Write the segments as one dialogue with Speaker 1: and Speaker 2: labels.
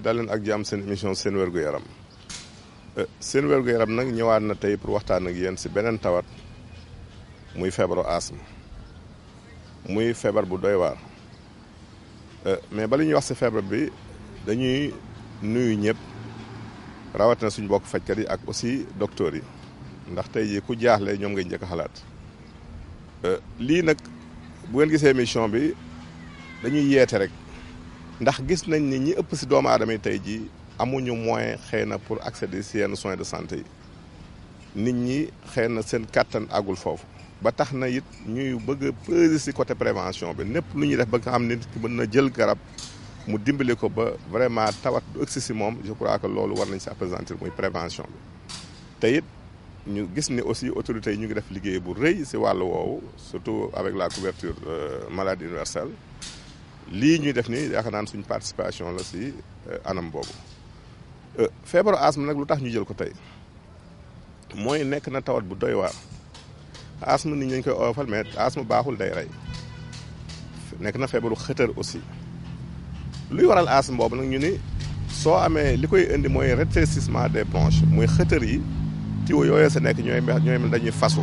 Speaker 1: daal leen ak jàmm seen émission seen wérgu yaram eh, seen yaram nag ñëwaat na tey pour waxtaan ak yéen si beneen tawat muy feebaru asthme muy feebar bu doy waar eh, mais bala ñuy wax si feebar bi dañuy nuyu ñëpp rawatina suñ bokk fajkat yi ak aussi docteurs yi ndax tey jii ku jaaxle ñoom nga njëkk xalaat eh, lii nag bu ngeen gisee émission bi dañuy yeete rek. ndax gis nañ ni ñi ëpp si doomu aadama yi tey jii amuñu moyen xëy na pour accéder si yenn soins de santé yi nit ñi xëy na seen kàttan àggul foofu ba tax na it ñuy bëgg a peser si côté prévention bi nepp lu ñuy def ba nga xam nit mën na jël garab mu dimbali ko ba vraiment tawat du ëgsi si moom je crois que loolu war nañ si appesantir muy prévention bi te it ñu gis ni aussi autorités yi ñu ngi def liggéey bu rëy si wàllu woowu surtout avec la couverture euh, maladie universelle lii ñuy def nii yaakaar naan suñ participation la si euh, anam boobu euh, feebaru asthme nag lu tax ñu jël ko tey mooy nekk na tawat bu doy waa asthme nit ñi dañ koy oyofal mais asthme baaxul day rey nekk na feebaru xëtër aussi luy waral asthme boobu nag ñu ni soo amee li koy indi mooy rétrécissement des bronches mooy xëtër yi tiwo yooyu sa nekk ñooy ñooy dañuy fasu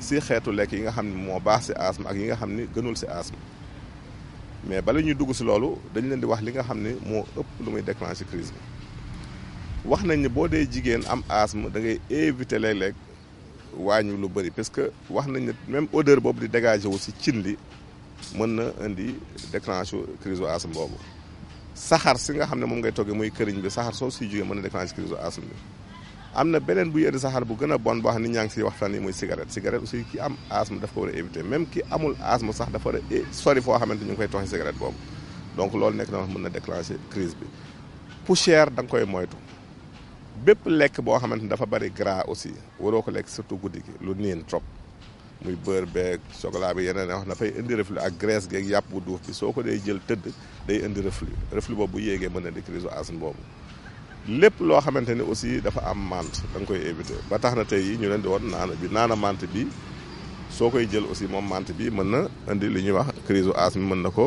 Speaker 1: si xeetu lekk yi nga xam ne moo baax si asthme ak yi nga xam ni gënul si asthme mais bala ñuy dugg si loolu dañ leen di wax li nga xam ne moo ëpp lu muy déclenché crise bi wax nañ ne boo dee jigéen am asthme da ngay éviter léeg-léeg wàññi lu bëri parce que wax nañ ne même odeur boobu di dégagé wu si cin li mën na indi déclenché crise u asthme boobu saxaar si nga xam ne moom ngay toggee muy këriñ bi saxaar soo siy jógee mën na déclenché crise u asthme bi am na beneen buy indi saxaar bu gën a bon boo xam ni ñaa ngi siy waxtaan yi muy cigarette cigarette aussi ki am asthme daf ko war a éviter même ki amul asthme sax dafa war a sori foo xamante ñu ngi koy toxi cigarette boobu donc loolu nekk na wax mën na déclencher crise bi poussière da nga koy moytu bépp lekk boo xamante ni dafa bari gras aussi waroo ko lekk surtout guddi gi lu niin trop muy beurre beeg chocolat bi yeneen wax fay indi reflux ak graisse geeg yàpp bu duuf bi soo ko dee jël tëdd day indi reflux reflux boobu bu yéegee mën na di crise asthme boobu lépp loo xamante ni aussi dafa am mante da koy éviter ba tax na tey ñu leen di woon naana bi naana mante bi soo koy jël aussi moom mante bi mën na indi li ñuy wax crise asthme mën na ko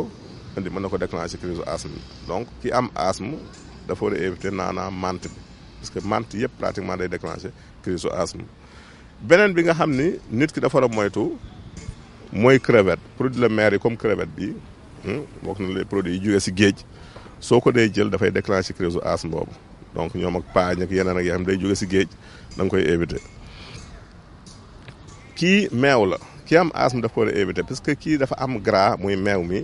Speaker 1: indi mën na ko déclencher crise asthme donc ki am asthme dafa war a éviter naana mante bi parce que mante yëpp pratiquement day déclencher crise asthme beneen bi nga xam ni nit ki dafa moytu mooy crevette produit la mer yi comme crevette bi hmm, bokk na les produits yi jógee si géej soo ko dee jël dafay déclencher crise asthme boobu donc ñoom ak paañ ak yeneen ak yoo xam day jóge si géej da nga koy éviter kii meew la ki am asthme daf ko war a parce que kii dafa am gra muy meew mi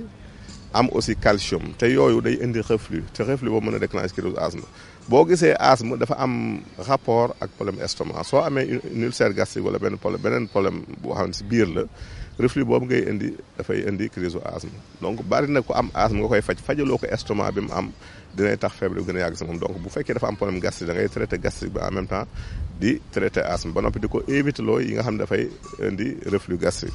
Speaker 1: am aussi calcium te yooyu day indi reflux te reflux boobu mën a déclencher crise asthme boo gisee asthme dafa am rapport ak problème estomac soo amee une ulcère gastrique wala benn problème beneen problème boo xam ne si biir la reflux boobu ngay indi dafay indi crise asthme donc bari na ko am asthme nga koy faj fajaloo ko estomac bi mu am dinay tax feeb bi gën a donc bu fekkee dafa am problème ngay traité gastrique bi en même temps di traité asthme ba noppi di ko éviter loo yi nga xam ne dafay indi reflux gastrique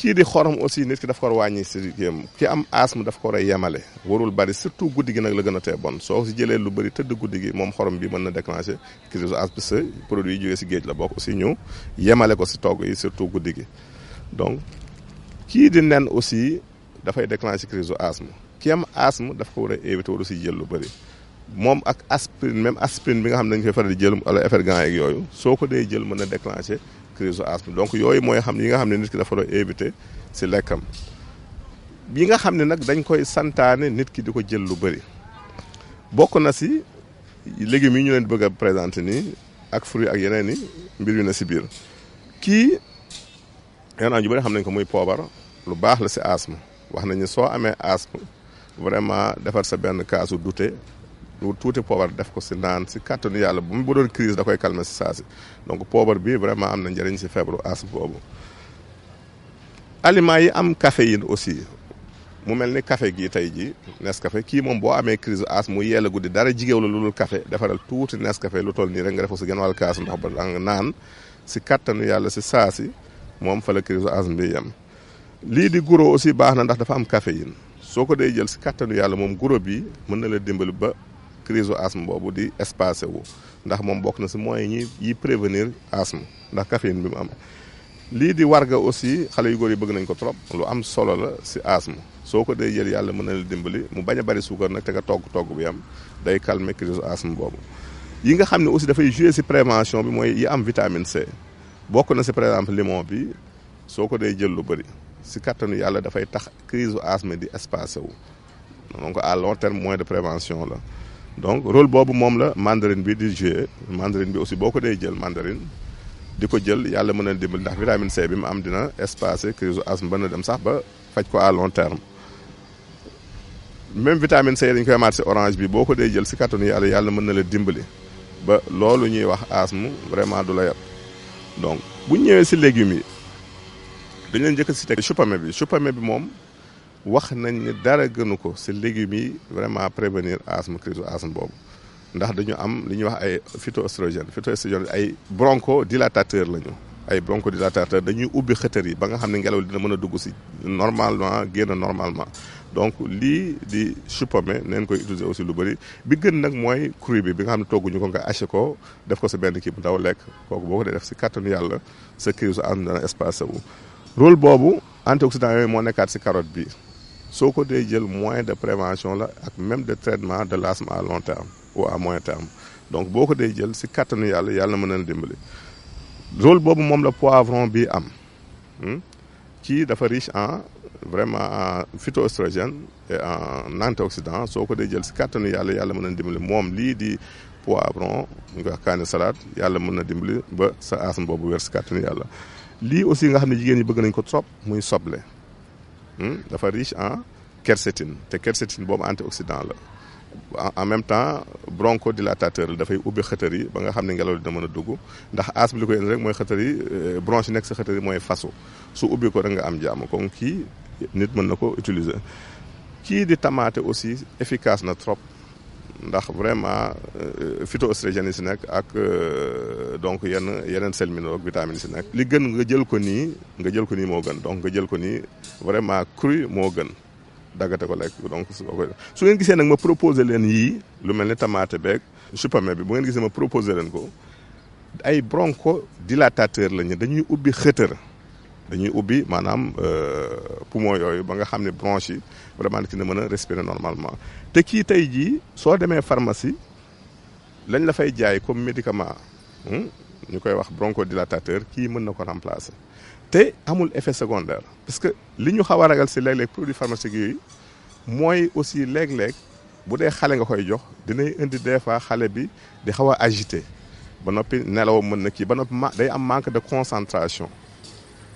Speaker 1: kii di xorom aussi nit ki daf ko war a wàññi si kiyam ki am asthme daf ko war yemale warul bari surtout guddi gi nag la gën a tee bon soo si jëlee lu bëri tëdd guddi gi moom xorom bi mën na déclencher crise asthme produit yi jógee si géej la bokk aussi ñu yemale ko si togg surtout guddi gi donc kii di nen aussi dafay déclencher crise asthme ki am asthme daf ko war a éviter waru si jël lu bëri moom ak aspirine même aspirine bi nga xam ne dañ koy faral di jël wala effervescent yeeg yooyu soo ko dee jël mën na déclencher crise asthme donc yooyu mooy xam yi nga xam ne nit ki dafa doon éviter si lekkam yi nga xam ne nag dañ koy santaane nit ki di ko jël lu bari bokk na si légumes yi ñu leen bëgg a présenter nii ak fruit ak yeneen i mbir yu na si biir kii yeneen yu bëri xam nañ ko muy poobar lu baax la si asthme wax nañu soo amee asthme vraiment defar sa benn kaasu dute lu tuuti poobar def ko si naan si kattanu yàlla bu mu bu doon crise da koy calmer si saa donc poobar bi vraiment am na njëriñ si feebaru as boobu. aliments yi am caféine aussi mu mel ni kafe gii tey jii Nescafé kii moom boo amee crise as mu yeel a guddi dara jigéew la lu dul café defaral tuuti Nescafé lu toll nii rek nga def ko si genn wàll kaasu ndox ba nga naan si kàttanu yàlla si saa si moom fa la crise as bi yam lii di guro aussi baax na ndax dafa am caféine soo ko day jël si kàttanu yàlla moom guro bi mën na la dimbali ba. crise asthme bobu di espacé wu ndax mom bokk na ci moyen yi yi prévenir asthme ndax caféine bi mu am li di warga aussi xalé yu goor yi bëgg nañ ko trop lu am solo la ci asthme soko day jël yalla mëna la dimbali mu baña bari suukar nak te ga togg togg bu yam day calmer crise asthme bobu yi nga xam aussi da fay jouer ci prévention bi moy yi am vitamine C bokk na ci par exemple limon bi soko day jël lu bari ci si yalla da fay tax crise asthme di espacé wu donc à long terme moyen de prévention la donc rôle boobu moom la mandarine bi di joué mandarine bi aussi boo ko dee jël mandarine di ko jël yàlla mën na dimbali ndax vitamine C bi mu am dina espacé crise asthme ba na dem sax ba faj ko à long terme même vitamine C dañ koy amaat si orange bi boo ko dee jël si kattanu yàlla yàlla mën na la dimbali ba loolu ñuy wax asthme vraiment du la yab donc bu ñëwee si légumes yi dañ leen njëkk si teg chou pommé bi chou bi moom. wax nañ ne dara gënu ko si légumes yi vraiment prévenir asthme crise asthme boobu ndax dañu am li ñuy wax ay phytoestrogène phytoestrogène ay dilatateur lañu ay bronchodilatateurs dañuy ubbi xëtër yi ba nga xam ne ngelaw dina mën a dugg si normalement génn normalement donc lii di chupome neen koy utiliser aussi lu bëri bi gën nag mooy cru bi bi nga xam ne togguñu ko nga haché ko def ko si benn kii bu ndaw lekk kooku boo ko dee def si kàttanu yàlla sa crise asthme dana espacé wu rôle boobu antioxydant yooyu moo nekkaat si carotte bi soko day jël moyen de prévention la ak même de traitement de l'asthme à long terme ou à moyen terme donc boko day jël ci kattanu yalla yalla mën na la dimbali rôle bobu mom la poivron bi am ci hmm? dafa riche en vraiment en phytoestrogène et en antioxydant soko day jël ci kattanu yalla yalla mën na dimbali moom lii di poivron ñu koy wax salade yalla mën na dimbali ba sa asthme bobu wér ci kattanu yalla li aussi nga xamné ne jigéen ñi bëgg nañ ko trop muy soble Hmm? dafa riche en quercétine te quercétine boobu antioxydant en même temps bronchodilatateur la dafay ubbi xëtër ba nga a ndax as bi li koy indi rek mooy xëtër yi euh, sa su ko nga aussi efficace na trop ndax vraiment euh, phytoestrogènes yi si nekk ak euh, donc yenn yeneen sel minéraux ak vitamines yi si nekk. li gën nga jël ko nii nga jël ko nii moo gën donc nga jël ko nii vraiment cru moo gën daggate ko lekk donc su ko su ngeen gisee nag ma proposé leen yii lu mel ni tamaate beeg chou bi bu ngeen gisee ma proposé leen ko ay bronchodilatateurs lañu dañuy ubbi xëtër. dañuy ubbi maanaam euh, poumon yooyu ba nga xam ne yi vraiment dina mën a respirer normalement te kii tey jii soo demee pharmacie lañ la fay jaay comme médicament hmm, ñu koy wax bronchodilatateur kii mën na ko remplacer te amul effet secondaire parce que li ñu xaw a ragal si léeg-léeg produit pharmaceutique yooyu mooy aussi léeg-léeg bu dee xale nga koy jox dinay indi des fois xale bi di xaw a agité ba noppi nelaw mën na kii ba noppi day am manque de concentration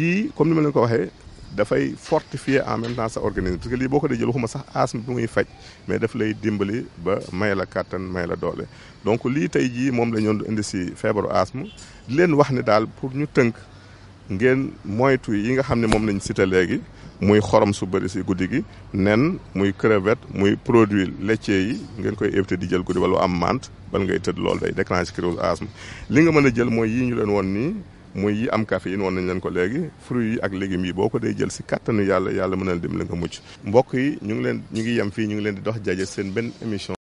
Speaker 1: yii comme ni ma leen ko waxee dafay fortifier en même temps sa organisme parce que lii boo ko dee jël waxuma sax asthme bi muy faj mais daf lay dimbali ba may la kàttan may la doole. donc lii tey jii moom la ñoon du indi si feebaru asthme di leen wax ne daal pour ñu tënk ngeen moytu yi nga xam ne moom lañ cité léegi muy xorom su bëri si guddi gi nen muy crevette muy produit laitier yi ngeen koy éviter di jël guddi wala am mante bal ngay tëdd loolu day déclencher crise asthme li nga mën a jël mooy yii ñu leen woon nii. mooy yi am caféine woon nañ leen ko léegi fruits yi ak légumes yi boo ko dee jël si kattanu yàlla yàlla mën na dim la nga mucc mbokk yi ñu ngi leen ñu ngi yem fii ñu ngi leen di dox jaje seen benn émission